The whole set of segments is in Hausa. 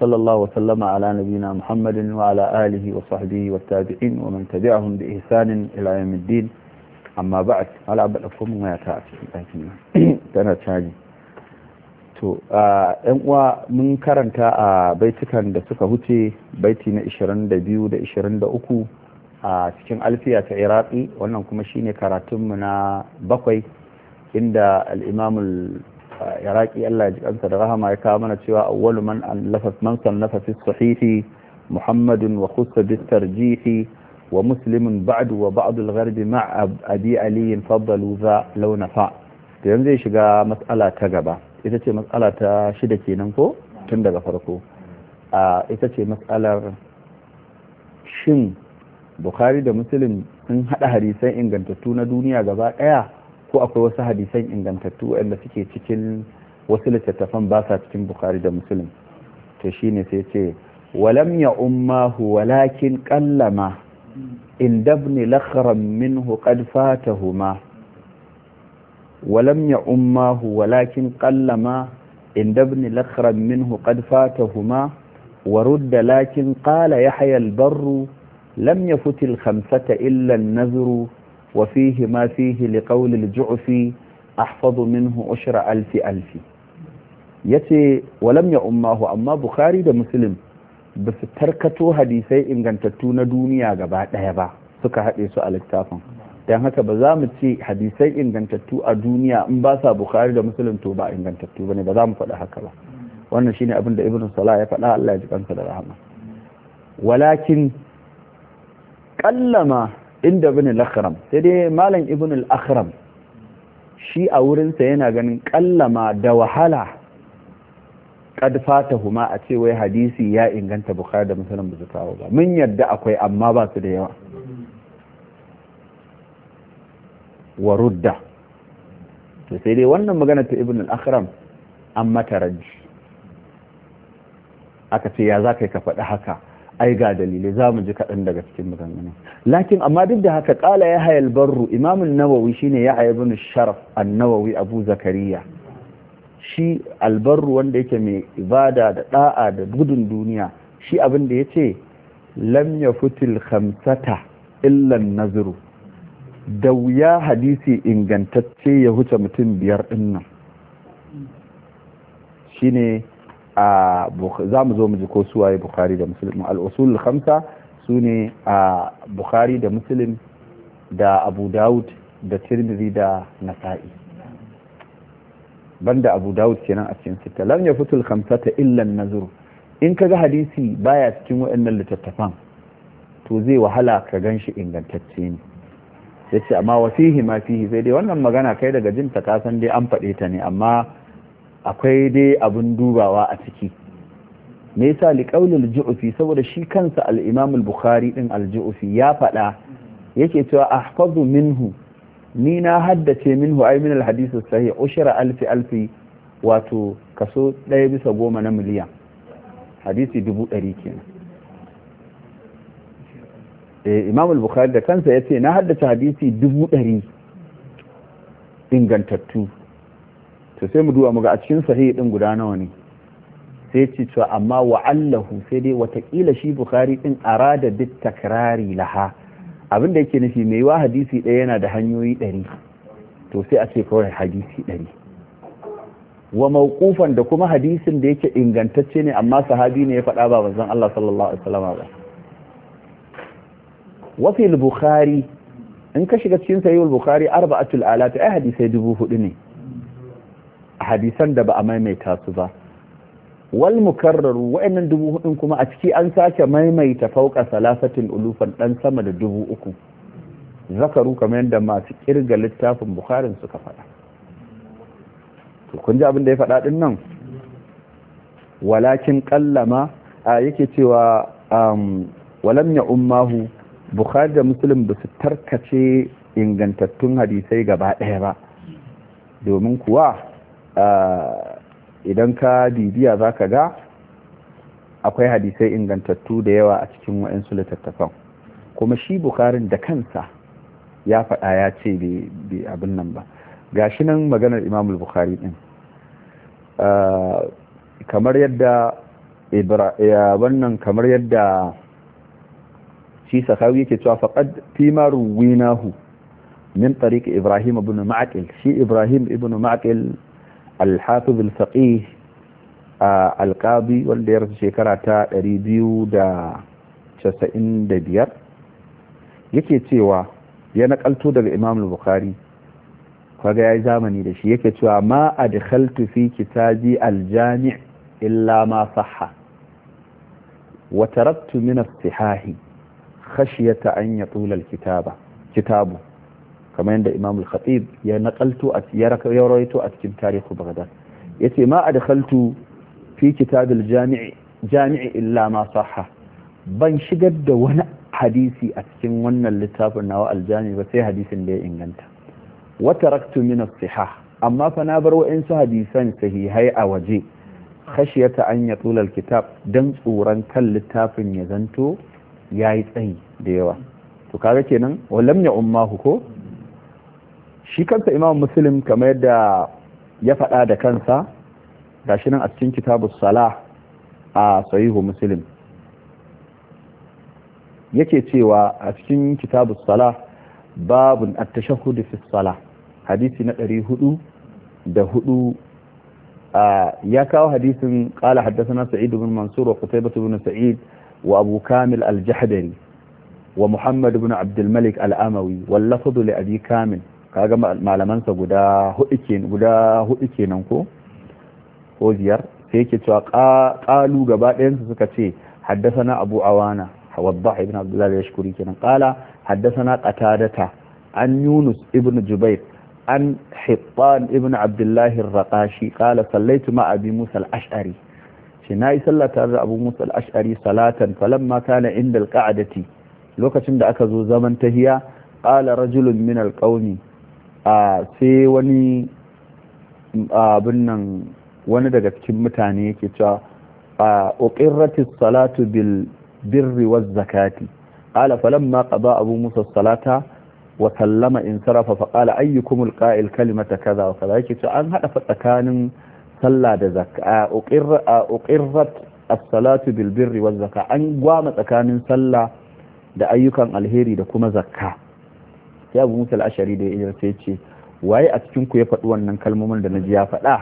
وصلى الله وسلم على نبينا محمد وعلى آله وصحبه والتابعين ومن تبعهم بإحسان إلى يوم الدين أما بعد على عبد الأفهم ما يتعافي تنا تشاجي to yan uwa mun karanta a baitukan da suka huce baiti na 22 da a cikin alfiya ta iraki wannan kuma shine karatunmu na bakwai inda al'imamul iraki Allah ya ji kansa da rahama ya kawo mana cewa awwalu man allafa man sannafa fi sahihi muhammadun wa khussa bi tarjihi wa muslimun ba'du wa ba'd al-gharb ma'a abi ali faddalu za law nafa to yanzu zai shiga mas'ala ta gaba ita ce mas'ala ta shida kenan ko tun daga farko a ita ce mas'alar shin bukhari da muslim sun hada hadisan ingantattu na duniya gaba daya ko akwai wasu hadisan ingantattu wanda suke cikin wasu littattafan ba sa cikin bukari da musulun to ne sai ce walam ya ummahu walakin kallama in dabni lakhram minhu qad fatahuma walam ya ummahu walakin kallama in dabni lakhram minhu qad fatahuma ورد لكن قال يحيى البر لم يفت الخمسة إلا النذر وفيه ما فيه لقول الجعفي أحفظ منه عشر ألف ألف يتي ولم يأمه أما بخاري ده مسلم بس تركتو حديثي إن كانت تتون دنيا غبا دهبا سكا حديثو على التافن dan haka ba za mu ce hadisai ingantattu a duniya in ba sa da musulun to ba ingantattu ba ne ba za mu faɗi haka ba wannan shine abin da ibn salah ya faɗa Allah ya ji kansa da rahama walakin kallama inda ibn al-akhram sai dai malam ibn al-akhram shi a wurinsa yana ganin kallama da wahala kad fatahuma a ce wai hadisi ya inganta bukhari da muslim ba su ba mun yadda akwai amma ba su da yawa wa rudda to sai dai wannan magana ta ibn al-akhram an mata aka ce ya za ka faɗi haka ai ga dalilai za mu ji kaɗan daga cikin maganganun lakin amma duk da haka ƙala ya hayal barru imamun nawawi shi ne ya haya bin sharaf an nawawi abu zakariya shi albarru wanda yake mai ibada da ɗa'a da gudun duniya shi abin da ya ce lam fitil khamsata illan naziru da wuya hadisi ingantacce ya huce mutum biyar ɗin nan shine a za mu zo mu ji ko suwaye bukhari da muslim al-usul khamsa sune a bukhari da muslim da abu dawud da tirmidhi da nasa'i banda abu dawud kenan a cikin sita lam yafutul khamsata illa an-nazr in kaga hadisi baya cikin waɗannan littattafan to zai wahala ka ganshi ingantacce ne yace amma wasihi ma fihi sai dai wannan magana kai daga jinta ka kasan dai an faɗe ta ne amma akwai dai abin dubawa a ciki me yasa liqaulul ju'fi saboda shi kansa al-imam al-bukhari din al-ju'fi ya faɗa yake cewa ahfazu minhu ni na haddace minhu ai min al-hadith sahih ushra alfi alfi wato kaso ɗaya bisa goma na miliyan hadisi dubu ɗari kenan eh, imam al-bukhari da kansa ya ce na haddace hadisi dubu ɗari ingantattu to sai mu duba muga a cikin sahihi din guda nawa ne sai ce to amma wa'allahu sai dai watakila shi bukhari din arada bit takrari laha abin da yake nufi mai wa hadisi ɗaya yana da hanyoyi ɗari to sai a ce kawai hadisi ɗari wa mawqufan da kuma hadisin da yake ingantacce ne amma sahabi ne ya faɗa ba manzon Allah sallallahu alaihi wasallam ba wa al bukhari in ka shiga cikin sahihul bukhari arba'atul alaf ai hadisai dubu hudu ne hadisan da ba a maimaita su ba wal mukarraru wa'annan dubu hudun kuma a ciki an sake maimaita fauka salasatin ulufan dan sama da dubu uku zakaru kamar yadda masu kirga littafin bukharin suka faɗa to kun ji abin da ya faɗa din nan walakin kallama a yake cewa walam ya ummahu bukhari da muslim ba su tarkace ingantattun hadisai gaba ɗaya ba domin kuwa idan ka bibiya za ka ga akwai hadisai ingantattu da yawa a cikin wa'insu littattafan kuma shi bukarin da kansa ya faɗa ya ce bai abin nan ba Ga shi nan maganar imamul Bukari ɗin kamar yadda wannan kamar yadda shi sakawi yake cewa faqad fi ma min tariq ibrahim ibn ma'qil shi ibrahim ibn ma'qil alhafiz alfaqih a uh, alqabi wanda ya rasu shekara ta 295 yake cewa ya nakalto daga imam al-bukhari kaga yayi zamani da shi yake cewa ma adkhaltu fi kitabi al-jami' illa ma sahha wa taraktu min as-sihahi khashyata an yatula al-kitaba kitabu kamar yadda imam al-khatib ya naqalto a ya rawaito a cikin tarihu bagdad yace ma adkhaltu fi kitab al-jami' jami' illa ma sahha ban shigar da wani hadisi a cikin wannan littafin nawa al-jami' ba sai hadisin da ya inganta wa taraktu min as-sihah amma fa na bar wa'insu hadisan sahihai a waje khashiyata an ya tsulal kitab don tsoron kan littafin ya zanto ya yi tsayi da yawa to kaga kenan walam ya ummahu ko shi kansa imam muslim kamar yadda ya faɗa da kansa shi nan a cikin kitabu salah a sahihu muslim yake cewa a cikin kitabu salah babun at-tashahhud fi salah hadisi na ɗari hudu da hudu ya kawo hadisin qala haddathana sa'id bin mansur wa qutaybah bin sa'id wa abu kamil al-jahdari wa muhammad bin abd al-malik al-amawi wal li abi kamil kaga malamansa guda hudu kenan ko ko ziyar sai yake cewa qalu gaba ɗayansu suka ce haddathana abu awana waddah ibn abdullah al-yashkuri kenan qala haddathana qatadata an yunus ibn jubair an hittan ibn abdullah ar-raqashi qala sallaitu ma abi musa al-ash'ari shi nayi sallah da abu musa al-ash'ari salatan falamma kana inda al-qa'dati lokacin da aka zo zaman tahiya qala rajulun min al-qawmi a sai wani abin nan wani daga cikin mutane yake cewa a uqirratis salatu bil birri waz zakati qala ma ƙaba abu musa salata wa sallama in sarrafa fa qala ayyukum al kalimata kaza wa kaza yake cewa an hada tsakanin sallah da zakka uqirra uqirrat as-salatu bil birri zakka an gwama tsakanin sallah da ayyukan alheri da kuma zakka sai abu musa al'ashari da ya sai ce waye a cikin ku ya faɗi wannan kalmomin da na ji ya faɗa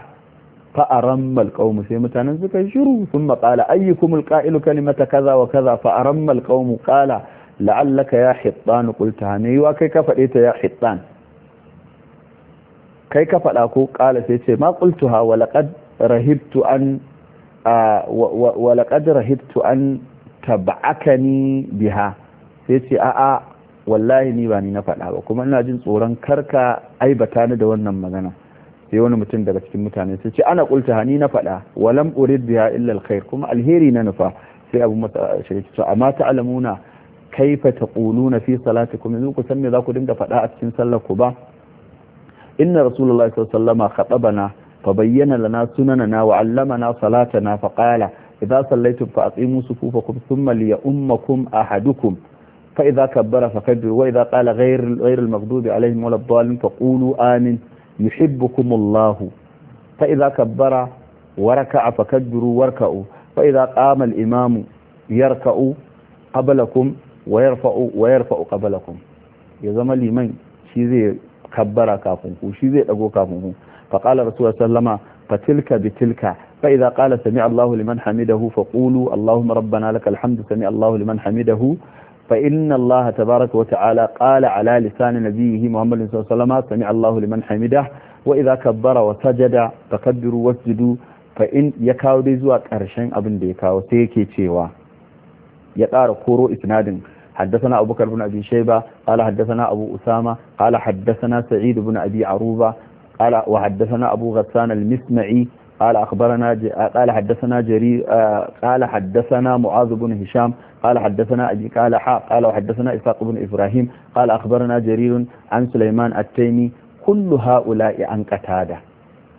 fa'arammal qaumu sai mutanen suka shiru sun maƙala ayyukumul qa'ilu kalimata kaza wa kaza fa'arammal qaumu qala la'allaka ya hittan qulta ne wa kai ka faɗe ta ya hittan kai ka faɗa ko ƙala sai ce ma qultuha wa laqad rahibtu an wa laqad rahibtu an tab'akani biha sai ce a'a wallahi ni ba ni na faɗa ba kuma ina jin tsoron karka aibata ni da wannan magana sai wani mutum daga cikin mutane sai ce ana kulta ni na faɗa walam urid biha illa alkhair kuma alheri na nufa sai abu masa shirki to amma ta'lamuna kaifa taquluna fi salatikum yanzu ku san me za ku dinga faɗa a cikin sallar ku ba inna rasulullahi sallallahu alaihi wasallama khatabana fa bayyana lana sunanana wa 'allamana salatana fa qala idza sallaytum fa aqimu sufufakum thumma liya'ummakum ahadukum فإذا كبر فكبر وإذا قال غير غير المغضوب عليهم ولا الضالين فقولوا آمين يحبكم الله فإذا كبر وركع فكبروا واركعوا فإذا قام الإمام يركع قبلكم ويرفع ويرفع قبلكم ya zama liman shi zai dago kafin ku faqala rasulullah sallama fatilka bitilka fa idza qala sami Allahu liman hamidahu faqulu Allahumma rabbana lakal sami Allahu liman hamidahu fa inna Allah tabaraka wa ta'ala qala ala lisan nabiyhi Muhammad sallallahu alaihi wasallam sami Allah liman hamidah wa idza bara wa sajada takabbiru wasjudu fa in ya kawo dai zuwa ƙarshen abin da ya kawo sai yake cewa ya ƙara koro isnadin حدثنا أبو بكر بن أبي شيبة قال حدثنا أبو أسامة قال حدثنا سعيد بن أبي عروبة قال وحدثنا أبو غسان المسمعي قال أخبرنا ج... قال حدثنا جري قال حدثنا معاذ بن هشام قال حدثنا أبي قال حاء قال وحدثنا إسحاق بن إبراهيم قال أخبرنا جرير عن سليمان التيمي كل هؤلاء عن قتادة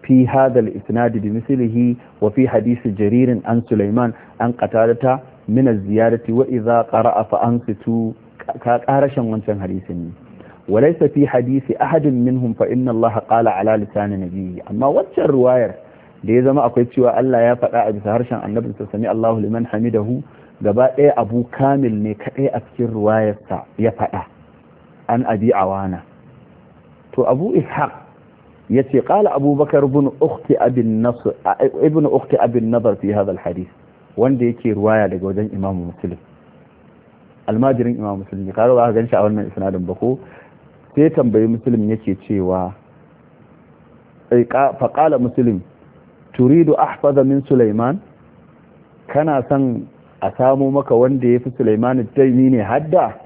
في هذا الإسناد بمثله وفي حديث جرير عن سليمان عن قتادة من الزيارة وإذا قرأ فأنصتوا كارشا وانشا حديثني وليس في حديث أحد منهم فإن الله قال على لسان نبيه أما وجه الرواية da ya zama akwai cewa Allah ya faɗa a bisa harshen annabi sa sami Allahu liman hamidahu gaba ɗaya abu kamil ne kaɗai a cikin ruwayarsa ya faɗa an abi awana to abu ishaq ya ce ƙala abubakar ibn ukhti abin nazar fi hadha alhadith wanda yake ruwaya daga wajen imam muslim almajirin imam muslim ya karo ba ganshi shi a wannan isnadin sai tambayi muslim yake cewa faƙala muslim turidu ahfaza min Sulaiman kana san a samu maka wanda yafi Sulaiman taimi ne hadda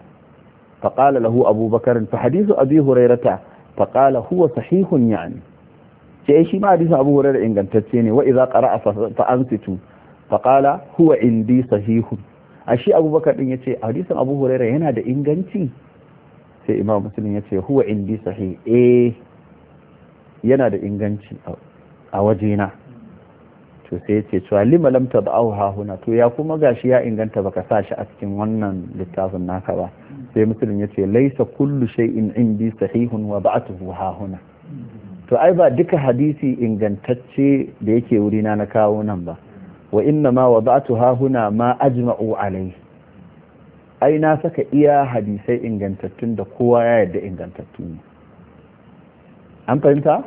faqala lahu Abubakar fa hadithu Abi Hurairata faqala huwa sahihun yani sai shi ma hadisin Abu Hurairah ingantacce ne wa idza qara'a fa ansitu faqala huwa indi sahihun ashi Abubakar din yace hadisin Abu Hurairah yana da inganci sai Imam Muslim yace huwa indi sahih eh yana da inganci a wajena to sai ce to lima lam tad'ahu ha huna to ya kuma gashi ya inganta baka sa shi a cikin wannan littafin naka ba sai muslim ya ce laisa kullu shay'in indi sahihun wa ba'atuhu ha huna to ai ba duka hadisi ingantacce da yake wuri na na kawo nan ba wa inna ma wada'tu ha huna ma ajma'u alai ai na saka iya hadisai ingantattun da kowa ya yarda ingantattun. an fahimta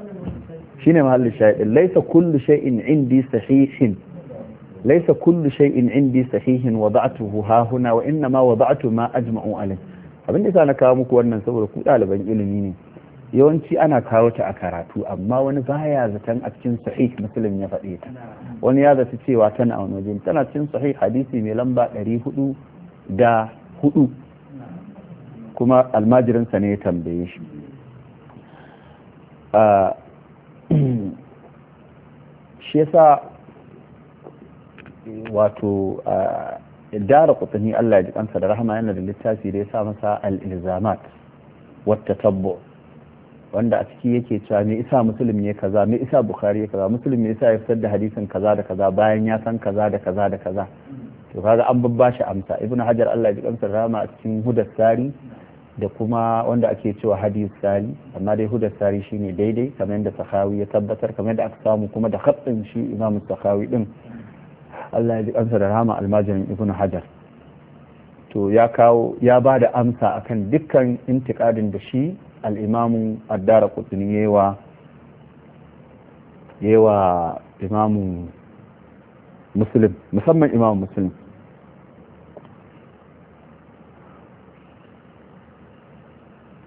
shine mahallin shahidin laisa kullu shay'in indi sahihin laisa kullu shay'in indi sahihin wada'tuhu ha huna wa inna ma wada'tu ma ajma'u alayh abin da na kawo muku wannan saboda ku ɗaliban ilimi ne yawanci ana kawo ta a karatu amma wani baya zaton a cikin sahih muslim ya faɗe ta wani ya zata cewa tana a wani tana cikin sahih hadisi mai lamba ɗari hudu da hudu kuma almajirinsa ne ya tambaye shi ah, shi yasa wato dara kutani Allah ya ji kansa da rahama yana da littafi da ya sa masa al-ilzamat wata tabbo wanda a ciki yake cewa me isa musulmi ya kaza me isa bukhari ya kaza musulmi me isa ya fitar da hadisin kaza da kaza bayan ya san kaza da kaza da kaza to kaga an babba shi amsa ibnu hajar Allah ya ji kansa da rahama a cikin hudar tsari da kuma wanda ake cewa hadis sari amma dai hudar sari shine daidai kamar yadda sahawi ya tabbatar kamar yadda aka samu kuma da khatsin shi imam sahawi din Allah ya ji ansa da rahama almajirin ibnu hajar to ya kawo ya ba da amsa akan dukkan intikadin da shi al-imam ad yewa yewa muslim musamman imam muslim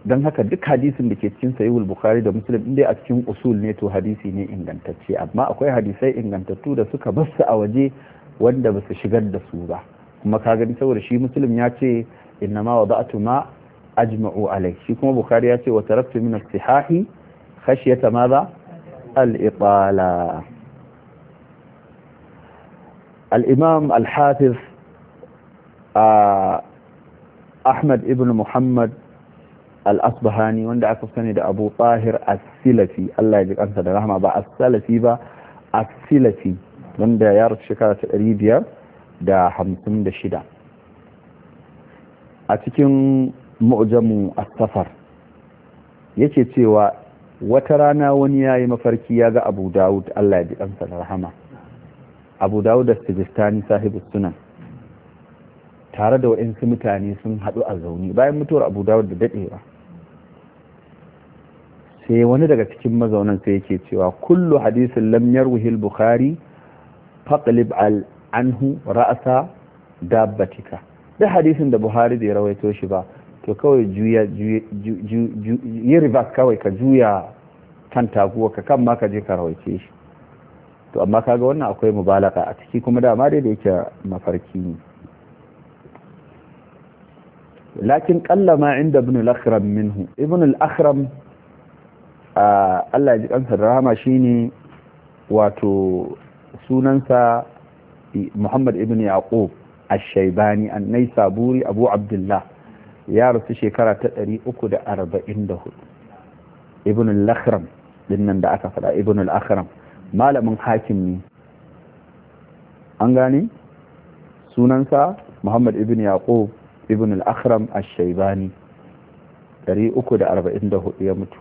don haka duk hadisin da ke cikin sahihul bukhari da muslim inda a cikin usul ne to hadisi ne ingantacce amma akwai hadisai ingantattu da suka basu a waje wanda ba su shigar da su ba kuma ka gani saboda shi muslim ya ce inna ma wada'tu ma ajma'u alai shi kuma bukhari ya ce wa taraktu min as-sihahi khashyata madha al-iqala al-imam al ah, ahmad ibn muhammad al-asbahani wanda aka sani da abu tahir as Allah ya ji kansa da rahama ba as-salafi ba as-silafi wanda ya rasu shekara ta ɗari biyar da hamsin da shida a cikin mu'jamu as-safar yake cewa wata rana wani yayi mafarki ya ga abu dawud Allah ya ji kansa da rahama abu dawud da sijistani sahibu sunan tare da waɗansu mutane sun haɗu a zaune bayan mutuwar abu dawud da daɗewa sai wani daga cikin mazaunan sai yake cewa kullu hadisin lam wuhil bukhari faqlib al anhu ra'asa. dabbatika da hadisin da buhari bai rawaito shi ba to kawai juya yi reverse kawai ka juya kan taguwa ka kan ma ka je ka rawaice shi to amma kaga wannan akwai mubalaka a ciki kuma dama dai da yake mafarki ne lakin kalla inda ibn al-akhram minhu ibn al-akhram Allah ya ji kansa da rahama shine wato sunansa Muhammad ibn Yaqub Ash-Shaybani annai saburi Abu Abdullah ya rasu shekara ta 344 Ibn al-Akhram dinnan da aka fada Ibn al-Akhram malamin hakim ne an gane sunansa Muhammad ibn Yaqub ibn al-Akhram Ash-Shaybani 344 ya mutu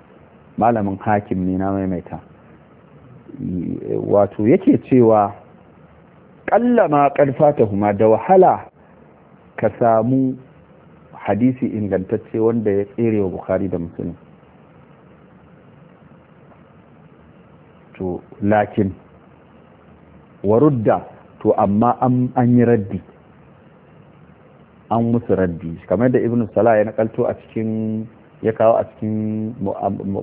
malamin hakim ne na maimaita wato yake cewa ƙarfa ta huma da wahala ka samu hadisi ingantacce wanda ya tsere wa bukari da musulun to lakin warudda to amma an yi raddi an musu raddi kamar da ibn salah ya nakalto a cikin ya kawo a cikin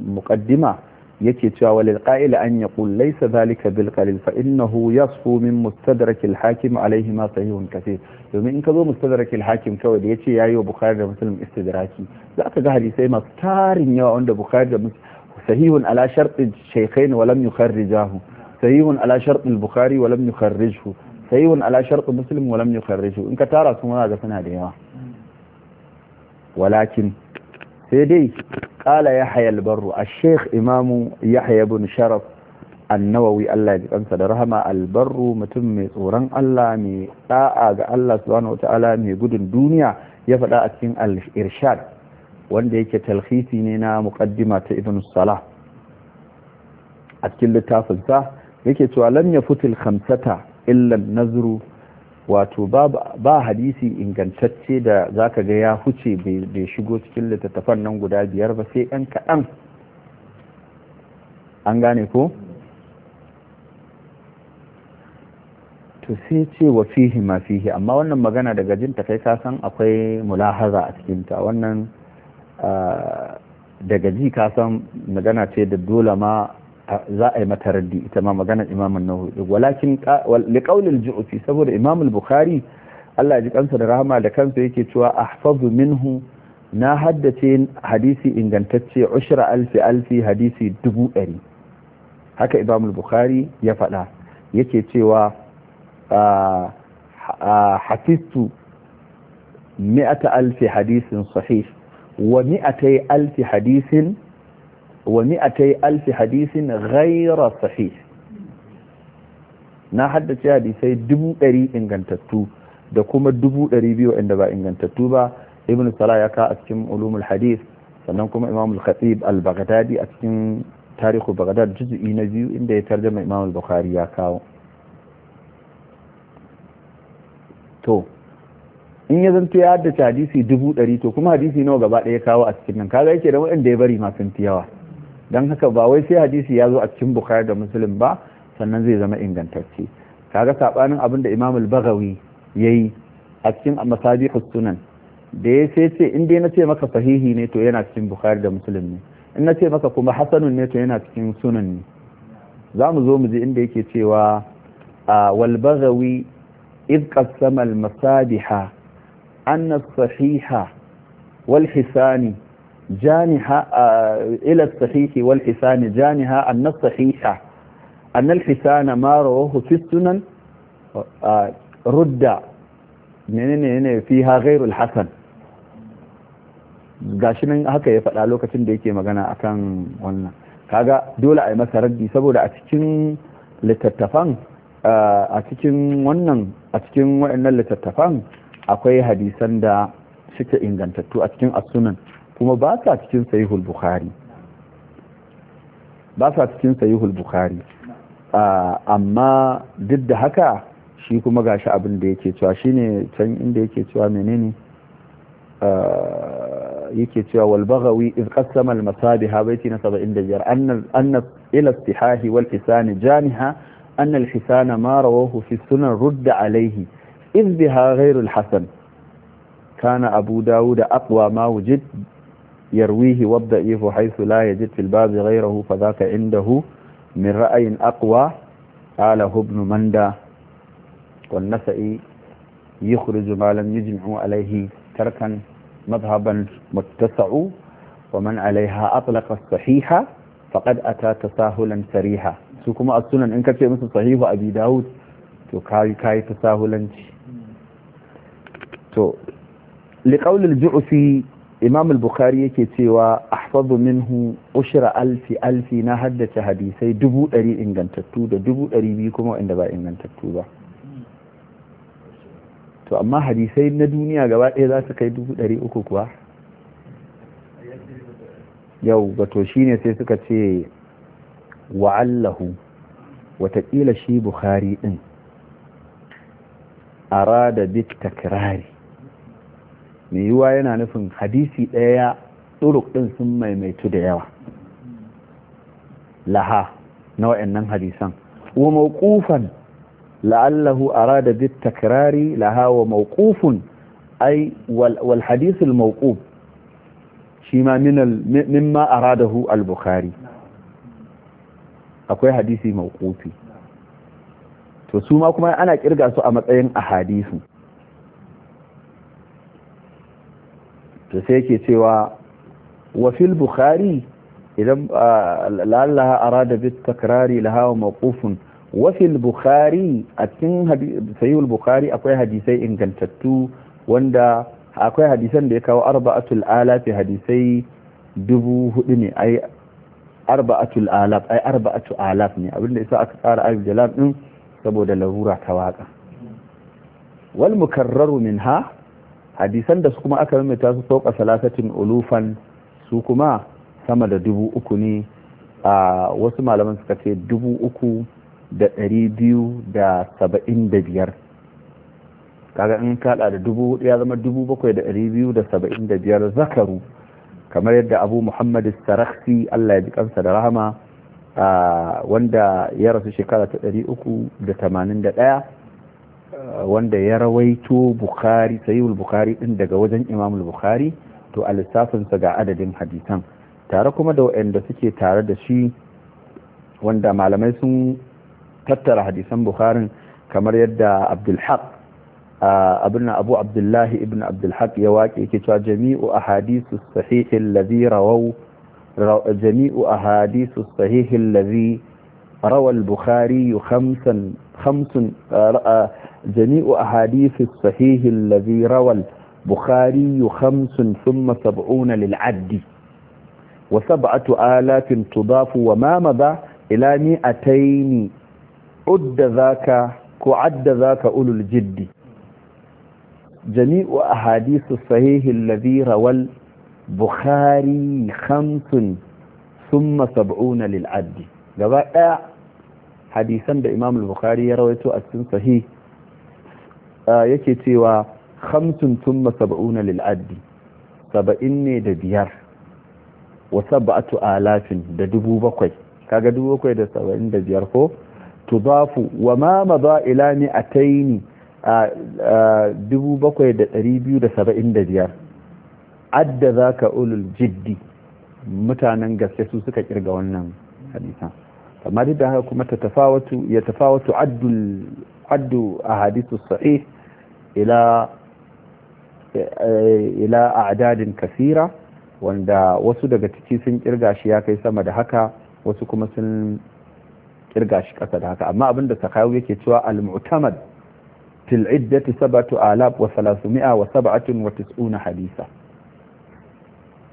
muqaddima yake cewa walil qa'il an yaqul laysa dhalika bil qalil fa innahu yasfu min mustadrak al hakim alayhi ma sahihun kathir domin in ka zo mustadrak al hakim kawai da yace yayi wa bukhari da muslim istidraki za ka ga hadisai masu tarin yawa wanda bukhari da muslim sahihun ala shart shaykhain wa lam yukharrijahu sahihun ala shart al bukhari wa lam yukharrijhu sahihun ala shart muslim wa lam yukharrijhu in ka tara su ma ga suna da yawa walakin sai dai ƙala ya hayal barru a sheikh imamu ya hayabun sharaf annawawi Allah ya ji kansa da rahama albarru mutum mai tsoron Allah mai da'a ga Allah subhanahu wata'ala mai gudun duniya ya faɗa a cikin al-irshad wanda yake talhisi ne na muqaddima ta ibn salah a cikin littafin sa yake cewa lam yafutil khamsata illa nazru wato ba hadisi ingantacce da zaka ga ya huce bai shigo cikin littattafan nan guda biyar ba sai yan kaɗan an gane ko to sai ce wa fihi ma fihi amma wannan magana daga jin ta kai kasan akwai mulahaza a cikinta wannan ah, daga ji kasan magana ce da dole ma za a yi mata raddi ita ma maganar imamun nawawi walakin liqaulil ju'fi saboda imamul bukhari Allah ji kansa da rahama da kansa yake cewa ahfazu minhu na haddace hadisi ingantacce ushra alfi alfi hadisi dubu ɗari haka imamul bukhari ya faɗa yake cewa hafistu mi'ata alfi hadisin sahih wa mi'atai alfi hadisin wa mi'atai alfi hadisin ghaira sahih na haddace hadisai dubu dari ingantattu da kuma dubu dari biyu inda ba ingantattu ba ibn salah ya ka a cikin ulumul hadis sannan kuma imam al-khatib al-baghdadi a cikin tarihu baghdad juz'i na biyu inda ya tarjama imam al-bukhari ya kawo to in ya zanto ya haddace hadisi dubu ɗari to kuma hadisi nawa gaba ɗaya kawo a cikin nan kaga yake da waɗanda ya bari masu yawa don haka ba wai sai hadisi ya zo a cikin bukhari da musulun ba sannan zai zama ingantacce kaga sabanin abin da imam al ya yi a cikin masabihus sunan da ya sai ce in dai na ce maka sahihi ne to yana cikin bukhari da musulun ne in na ce maka kuma hasanun ne to yana cikin sunan ne za mu zo mu ji inda yake cewa a walbagawi id qassama al-masabiha anna as-sahiha wal hisani جانحة إلى الصحيح والحسان جانحة أن الصحيح أن الحسان ما رواه في السنن رد فيها غير الحسن gashi nan haka ya faɗa lokacin da yake magana akan wannan kaga dole a yi masa raddi saboda a cikin littattafan a cikin wannan a cikin waɗannan littattafan akwai hadisan da suke ingantattu a cikin asunan kuma ba sa cikin sahihul bukhari ba sa cikin sahihul bukhari amma duk da haka shi kuma gashi abin da yake cewa shine can inda yake cewa menene yake cewa wal baghawi iz qasama al masabiha baiti na 75 anna anna ila istihahi wal hisani janiha anna al hisana ma rawahu fi sunan rudda alayhi iz biha ghayr al hasan kana abu dawud aqwa ma wujid يرويه والضعيف حيث لا يجد في الباب غيره فذاك عنده من رأي أقوى قاله ابن مندى والنسئي يخرج ما لم يجمع عليه تركا مذهبا متسع ومن عليها أطلق الصحيحة فقد أتى تساهلا سريحا سوكما السنن إن كتب مثل صحيح أبي داود تو كاي كاي تساهلا تو لقول الجعفي imam al-bukhari yake cewa ahfazu minhu ushra alfi alfi na haddace hadisai dubu ɗari ingantattu da dubu ɗari biyu kuma inda ba ingantattu ba to amma hadisai na duniya gaba ɗaya za su kai dubu ɗari uku kuwa yau to shi ne sai suka ce wa'allahu wataƙila shi bukhari ɗin arada bit takrari mai yiwuwa yana nufin hadisi ɗaya ɗuruk ɗin sun maimaitu da yawa laha na wa'annan hadisan wa mawqufan la'allahu arada bit takrari laha wa mawqufun ai wal hadith al shi ma min mimma aradahu al bukhari akwai hadisi mawqufi to su ma kuma ana ƙirga su a matsayin ahadisu to sai yake cewa wa fil bukhari idan la'allaha arada bit takrari laha mawqufun wa fil bukhari a cikin sahih bukhari akwai hadisai ingantattu wanda akwai hadisan da ya kawo arba'atul alaf hadisai dubu hudu ne ai arba'atul alaf ai arba'atu alaf ne abinda yasa aka tsara alif jalal din saboda larura ta waka wal mukarraru minha hadisan da su kuma aka mimita su sauka salatatin ulufan su kuma sama da dubu uku ne a wasu malaman suka ce dubu uku da ɗari biyu da saba'in da biyar kaga in kaɗa da dubu ya zama dubu bakwai da ɗari biyu da saba'in da biyar zakaru kamar yadda abu muhammad saraksi allah ya ji kansa da rahama wanda ya rasu shekara ta ɗari uku da tamanin da ɗaya wanda ya rawaito bukhari sayyul bukhari din daga wajen imamul bukhari to a lissafinsa ga adadin hadisan tare kuma da waɗanda suke tare da shi wanda malamai sun tattara hadisan bukharin kamar yadda abdulhaq abin abu abdullahi ibn abdulhaq ya waƙe ke cewa jami'u a hadisu sahihin lazi rawau jami'u a hadisu sahihin lazi روى البخاري خمسا خمس جميع أحاديث الصحيح الذي روى البخاري خمس ثم سبعون للعد وسبعة آلاف تضاف وما مضى إلى مئتين عد ذاك كعد ذاك أولو الجد جميع أحاديث الصحيح الذي روى البخاري خمس ثم سبعون للعد gaba ɗaya hadisan da imam al-bukhari ya rawaito a cikin sahih yake cewa khamsun thumma sab'una lil addi saba'in ne da biyar wa sab'atu alafin da dubu bakwai kaga dubu bakwai da saba'in da biyar ko tudafu wa ma madha ila mi'ataini dubu bakwai da ɗari biyu da saba'in da biyar adda zaka ulul jiddi mutanen gaske su suka kirga wannan hadisan amma duk da haka kuma ta tafawatu ya tafawatu addul addu hadisu sahih ila ila a'dadin kasira wanda wasu daga ciki sun kirga shi ya kai sama da haka wasu kuma sun kirga shi kasa da haka amma abin da sakayu yake cewa al-mu'tamad fil iddati sabatu alaf wa salasumi'a wa sab'atun wa tis'una hadisa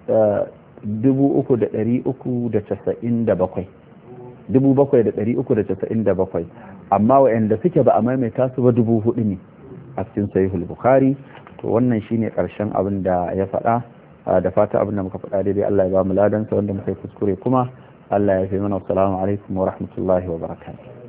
eh, dubu uku da ɗari uku da casa'in da bakwai 7,397 amma waɗanda suke ba a maimaita su ba dubu hudu ne a cikin sahihul bukhari to wannan shine karshen abin da ya faɗa ah, da fata abin da muka faɗa daidai Allah ya ba mu ladan sa wanda muka yi kuskure kuma Allah ya fi mana assalamu alaikum wa rahmatullahi wa barakatuh